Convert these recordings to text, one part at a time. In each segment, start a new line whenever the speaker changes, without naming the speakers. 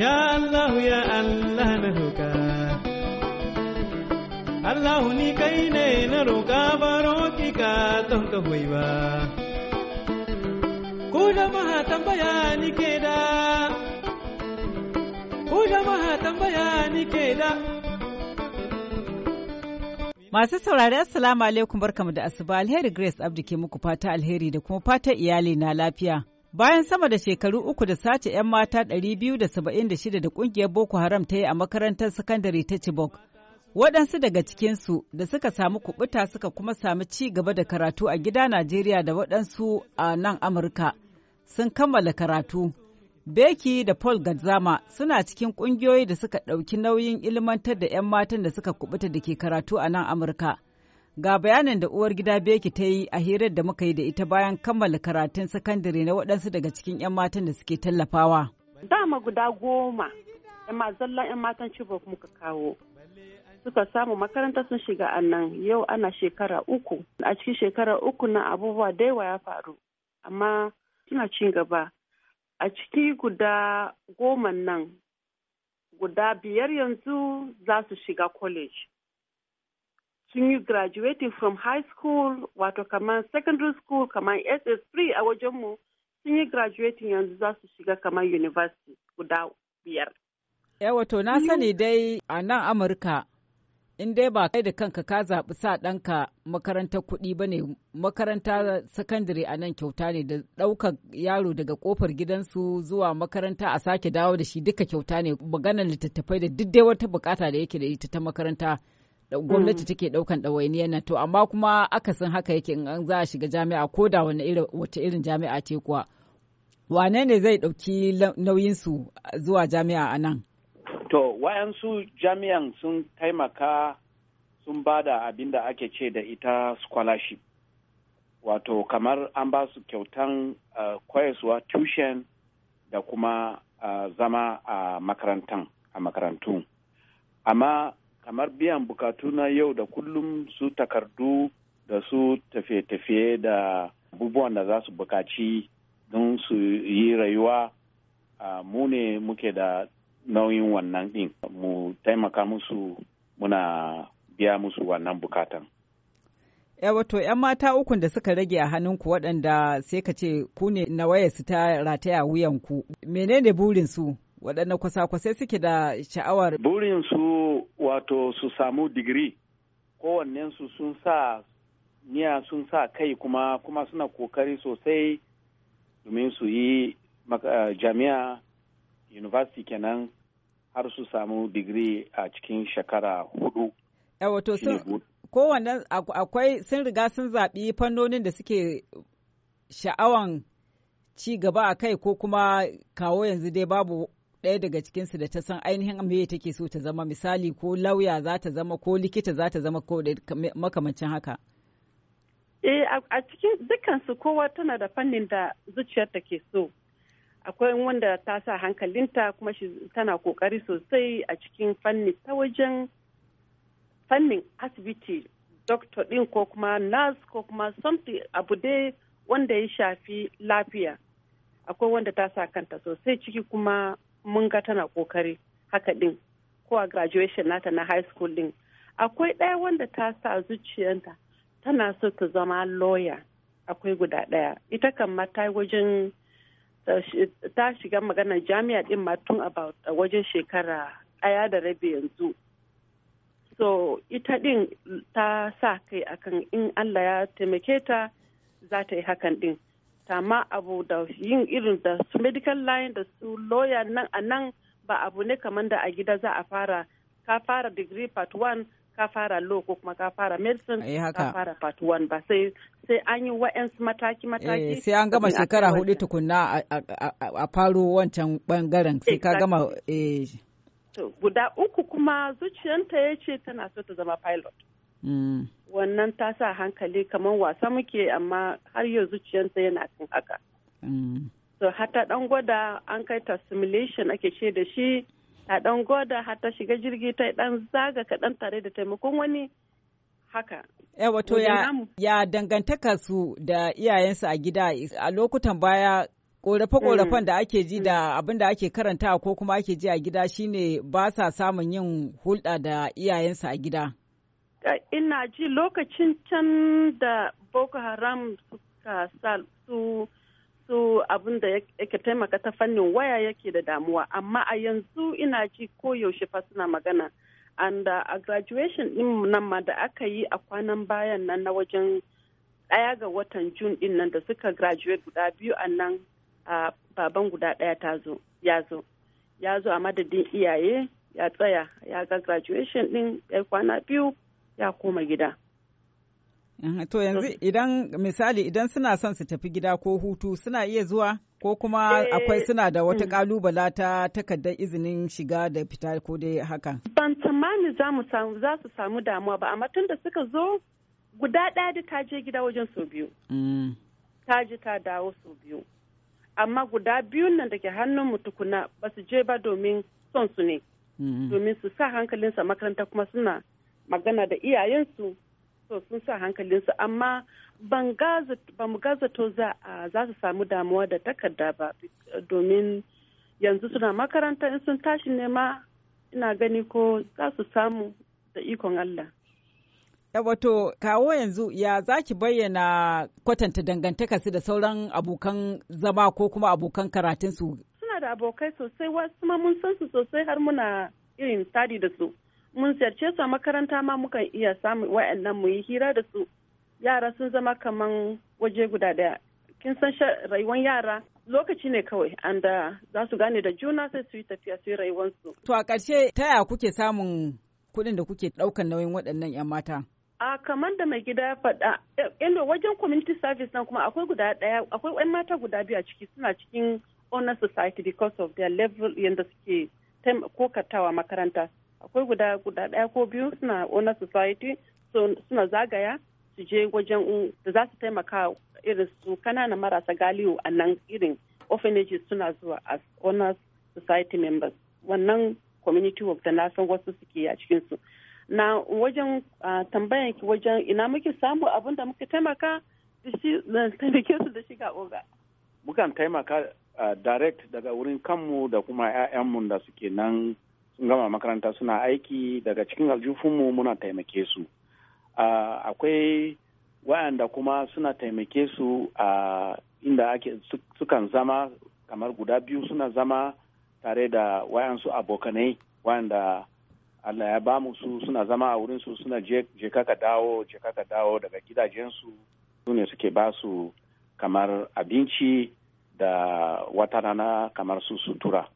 Ya Allah ya Allah na roƙa Allah ni kai ne na roƙa baro ki ka don ka hoyi ba Ku jama'a tambaya ni ke da Ku jama'a tambaya ni ke da Masu saurari Assalamu alaikum barkamu da asuba alheri Grace Abdi ke muku fata alheri da kuma fata iyali na lafiya. Bayan sama da shekaru uku da sace 'yan mata 276 da kungiyar Boko Haram ta yi a makarantar sakandare ta Chibok, waɗansu daga cikinsu da suka samu kubuta suka kuma sami ci gaba da karatu a gida Najeriya da waɗansu a nan Amurka sun kammala karatu. Beki da Paul Gadzama suna cikin ƙungiyoyi da suka ɗauki nauyin ilmantar da 'yan matan da suka kubuta da ke karatu a nan Amurka. Ga bayanin da uwar gida Beki ta yi a hirar da muka yi da ita bayan kammala karatun sakandare na waɗansu daga cikin 'yan matan da suke tallafawa.
Dama guda goma, ‘yan mazallan 'yan matan Chibok muka kawo. Suka samu makarantar sun shiga a nan yau ana shekara uku. A cikin shekara uku na abubuwa da yawa ya faru, amma suna ci gaba. A ciki guda goma nan, guda biyar yanzu za su shiga college. sun yi graduating from high school wato kamar secondary school kamar ss3 a wajenmu sun yi graduating yanzu za su shiga kamar university guda
biyar. Eh, wato na sani dai a nan amurka in dai ba kai da kanka ka zaɓi sa ɗanka makaranta kuɗi ba ne makaranta sakandare a nan kyauta ne da ɗaukar yaro daga ƙofar gidansu zuwa makaranta a sake dawo da shi duka kyauta ne maganar littattafai da duk dai wata bukata da yake da ita ta makaranta gwamnati mm. take ɗaukan ɗawainiyar nan to amma kuma akasin haka yake in an za a shiga jami'a ko da wani irin wata irin jami'a ce kuwa wane ne zai ɗauki nauyin su zuwa jami'a a nan
to wayansu jami'an sun taimaka sun ba da abin da ake ce da ita scholarship wato kamar an ba su kyautan uh, koyaswa da kuma eh, zama a makarantan a makarantu amma kamar biyan bukatu na yau da kullum su takardu da su tafiye-tafiye da abubuwan da za su bukaci don su yi rayuwa mu ne muke da nauyin wannan din mu taimaka musu muna biya musu wannan bukatan.
wato 'yan mata ukun da suka rage a hannunku waɗanda sai ka ce ku ne na wayarsu ta rataya wuyanku menene burinsu? waɗanne kwasa-kwasai suke da sha'awar? burin Burinsu wato su samu digiri,
kowannensu sun sa niya sun sa kai kuma kuma suna kokari sosai domin su yi eh, jami'a university kenan har su samu digiri a cikin shekara hudu.
Eh, sun kowanne akwai sun riga sun zaɓi fannonin da suke sha'awan ci gaba a kai ko kuma kawo yanzu dai babu ɗaya daga cikinsu da ta san ainihin meye take so ta zama misali ko lauya za ta zama ko likita za ta zama ko makamancin haka? e a cikin dukansu kowa tana da
fannin da zuciyarta ke so. Akwai wanda ta sa hankalinta kuma shi tana kokari sosai a cikin fanni ta wajen fannin asibiti doctor din ko kuma nurse ko kuma something abu dai wanda ya shafi lafiya. akwai wanda ta sa kanta sosai ciki kuma mun ga tana kokari haka din ko a graduation nata na high school din akwai ɗaya wanda ta sa zuciyanta tana so ta zama lawyer akwai guda ɗaya ita kan ma ta wajen ta shiga magana jami'a din ma tun about wajen shekara ɗaya da rabi yanzu so ita din ta sa kai akan in Allah ya taimake ta za ta yi hakan din tama abu da yin irin da su medical line da su lawyer nan a nan ba abu ne kamar da a gida za a fara ka fara degree part 1 ka fara law ko kuma ka fara medicine eh, ka fara part 1 ba sai sai an yi wa'ansu mataki mataki eh, sai an gama shekara hudu
tukunna a faro wancan bangaren sai ka gama eh
guda uku kuma zuciyanta ya ce tana so ta zama pilot mm. wannan ta sa hankali kamar wasa muke amma har yau zuciyarsa yana kan haka. Mm. So hata dan gwada an kai ta simulation ake ce da shi ta dan gwada hata shiga jirgi ta dan zaga kaɗan tare da taimakon wani haka.
wato ya, ya dangantaka su da iyayensu a gida a lokutan baya korafe-korafen mm. da ake ji da mm. abin da ake karanta ko kuma ake ji a gida shine ba sa samun yin hulɗa da iyayensu a gida. ina ji lokacin can da
boko haram suka sa su su abin da yake taimaka ta fannin waya yake da damuwa amma a yanzu ina ji koyaushe fa suna magana and uh, a graduation din nan ma da aka yi a kwanan bayan nan na wajen ɗaya ga watan jun din nan da suka graduate guda biyu a nan baban guda ɗaya ta zo ya zo ya zo a madadin iyaye ya tsaya ya ga graduation din ya kwana biyu ya koma gida.
To yanzu idan misali idan suna son su tafi gida ko hutu suna iya zuwa ko kuma eh, akwai suna da wata kalubala mm. ta takardar izinin shiga da fita ko dai haka.
Ban tsammani za su samu damuwa ba amma tun da suka zo guda ɗaya da ta je gida wajen sau biyu. Mm. Ta je ta dawo sau biyu. Amma guda biyun nan da ke hannun mu tukuna ba su je ba domin son su ne. Mm. Domin su sa hankalinsa makaranta kuma suna magana da iyayensu so sun sa hankalinsu amma ba mu gazato za su samu damuwa da takarda ba domin yanzu suna makaranta in sun tashi nema ina gani ko za su samu da ikon Allah.
wato kawo yanzu ya za ki bayyana kwatanta dangantaka su da sauran abokan zama ko kuma abokan karatunsu?
Suna da abokai sosai wasu ma mun san su sosai har muna irin tadi da su. mun ziyarce su a makaranta ma mukan iya samun wa'annan mu yi hira da su yara sun zama kaman waje guda daya kin san rayuwar yara lokaci ne kawai an za su gane da juna sai su yi tafiya su yi
rayuwarsu. To a ƙarshe ta yaya kuke samun kuɗin da kuke ɗaukan nauyin waɗannan 'yan mata?
A kamar da mai gida ya faɗa, eh, inda wajen community service nan kuma akwai guda ɗaya, akwai 'yan mata guda biyu a ciki suna cikin honor society because of their level yadda suke kokatawa makaranta. akwai guda guda daya ko biyu suna honor society suna zagaya su je wajen da za su taimaka irin su kanana marasa galiyo a nan irin orphanages suna zuwa as honor society members wannan community work da nasan san wasu suke a cikinsu na wajen tambayan ki wajen ina muke samu abin da muke taimaka taimake su da shiga oga
mukan taimaka direct daga wurin kanmu da kuma 'ya'yanmu da suke nan gama makaranta suna aiki daga cikin aljufunmu muna taimake su akwai wayanda kuma suna taimake su a inda ake sukan zama kamar guda biyu suna zama tare da wayansu abokanai wayanda Allah ya ba su suna zama a wurinsu suna je kaka dawo je kaka dawo daga gidajensu su ne suke ba su kamar abinci da wata rana kamar su sutura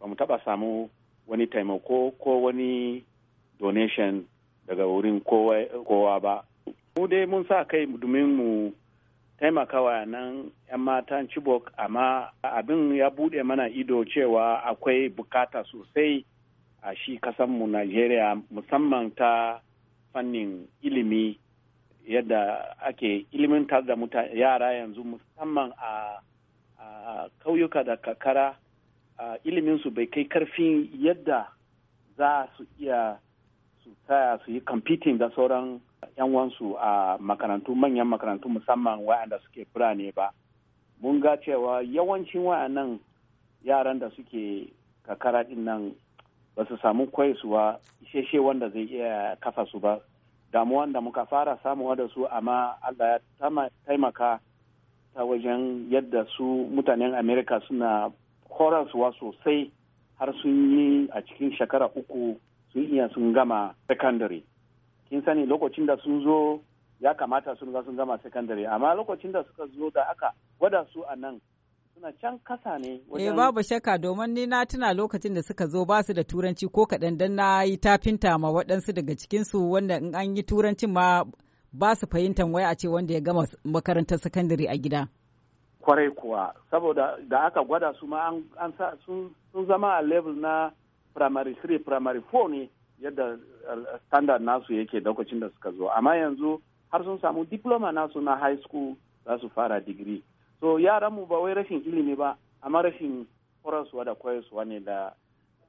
ba mu taba samu wani taimako ko wani donation daga wurin kowa ba mu dai mun sa kai domin mu taimakawa nan 'yan matan chibok amma abin ya bude mana ido cewa akwai bukata sosai a shi kasanmu Najeriya musamman ta fannin ilimi yadda ake ilimin da yara yanzu musamman a kauyuka da kakara iliminsu bai kai karfin yadda za su iya su taya su yi competing da sauran yan wansu a makarantu manyan makarantu musamman wa'anda suke birane ba mun ga cewa yawancin wa'annan yaran da suke kakara din nan ba su samu kwaisuwa isheshe wanda zai iya kafa su ba damuwa da muka fara samuwa da su amma allah ya taimaka ta wajen yadda su mutanen amerika suna horaswa sosai har sun yi a cikin shekara uku sun iya sun gama secondary kin sani lokacin da sun zo ya kamata sun ga sun gama secondary amma lokacin da suka zo da aka gwada su a nan suna can kasa ne wajen eh, babu
shakka domin ni na tuna lokacin da suka zo ba su da turanci ko kaɗan dan na yi tafinta ma waɗansu daga cikin su wanda in an yi turancin ma ba su fahimtar wai a ce wanda ya gama makarantar secondary a gida
kwarai kuwa saboda da aka gwada su ma an sun zama a level na primary 3 primary 4 ne yadda eh, standard nasu yake lokacin da suka zo amma yanzu har sun samu diploma nasu na high school za su fara digiri so yaran mu ba wai rashin ilimi ba amma rashin horaswa da koyarwa ne da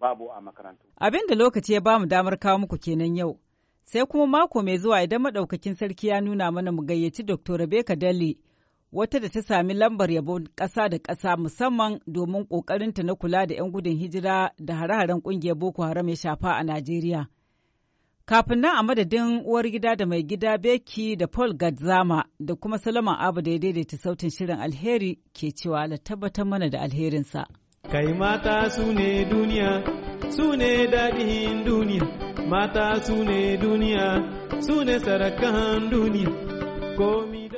babu a makarantu.
Abin da lokaci ya bamu damar kawo muku kenan yau. Sai kuma mako mai zuwa idan madaukakin sarki ya nuna mana mu gayyaci Dr. Rebecca Dalli wata da ta sami lambar yabon ƙasa da ƙasa musamman domin ƙoƙarinta na kula da 'yan gudun hijira da hare-haren ƙungiyar Boko Haram ya shafa a Najeriya. Kafin nan a madadin uwar gida da mai gida Beki da Paul Gadzama da kuma Solomon Abu da ya daidaita sautin shirin alheri ke cewa la tabbatar mana da alherinsa. Kai mata su ne duniya, su ne daɗin duniya, mata su ne duniya, su ne sarakan duniya, komi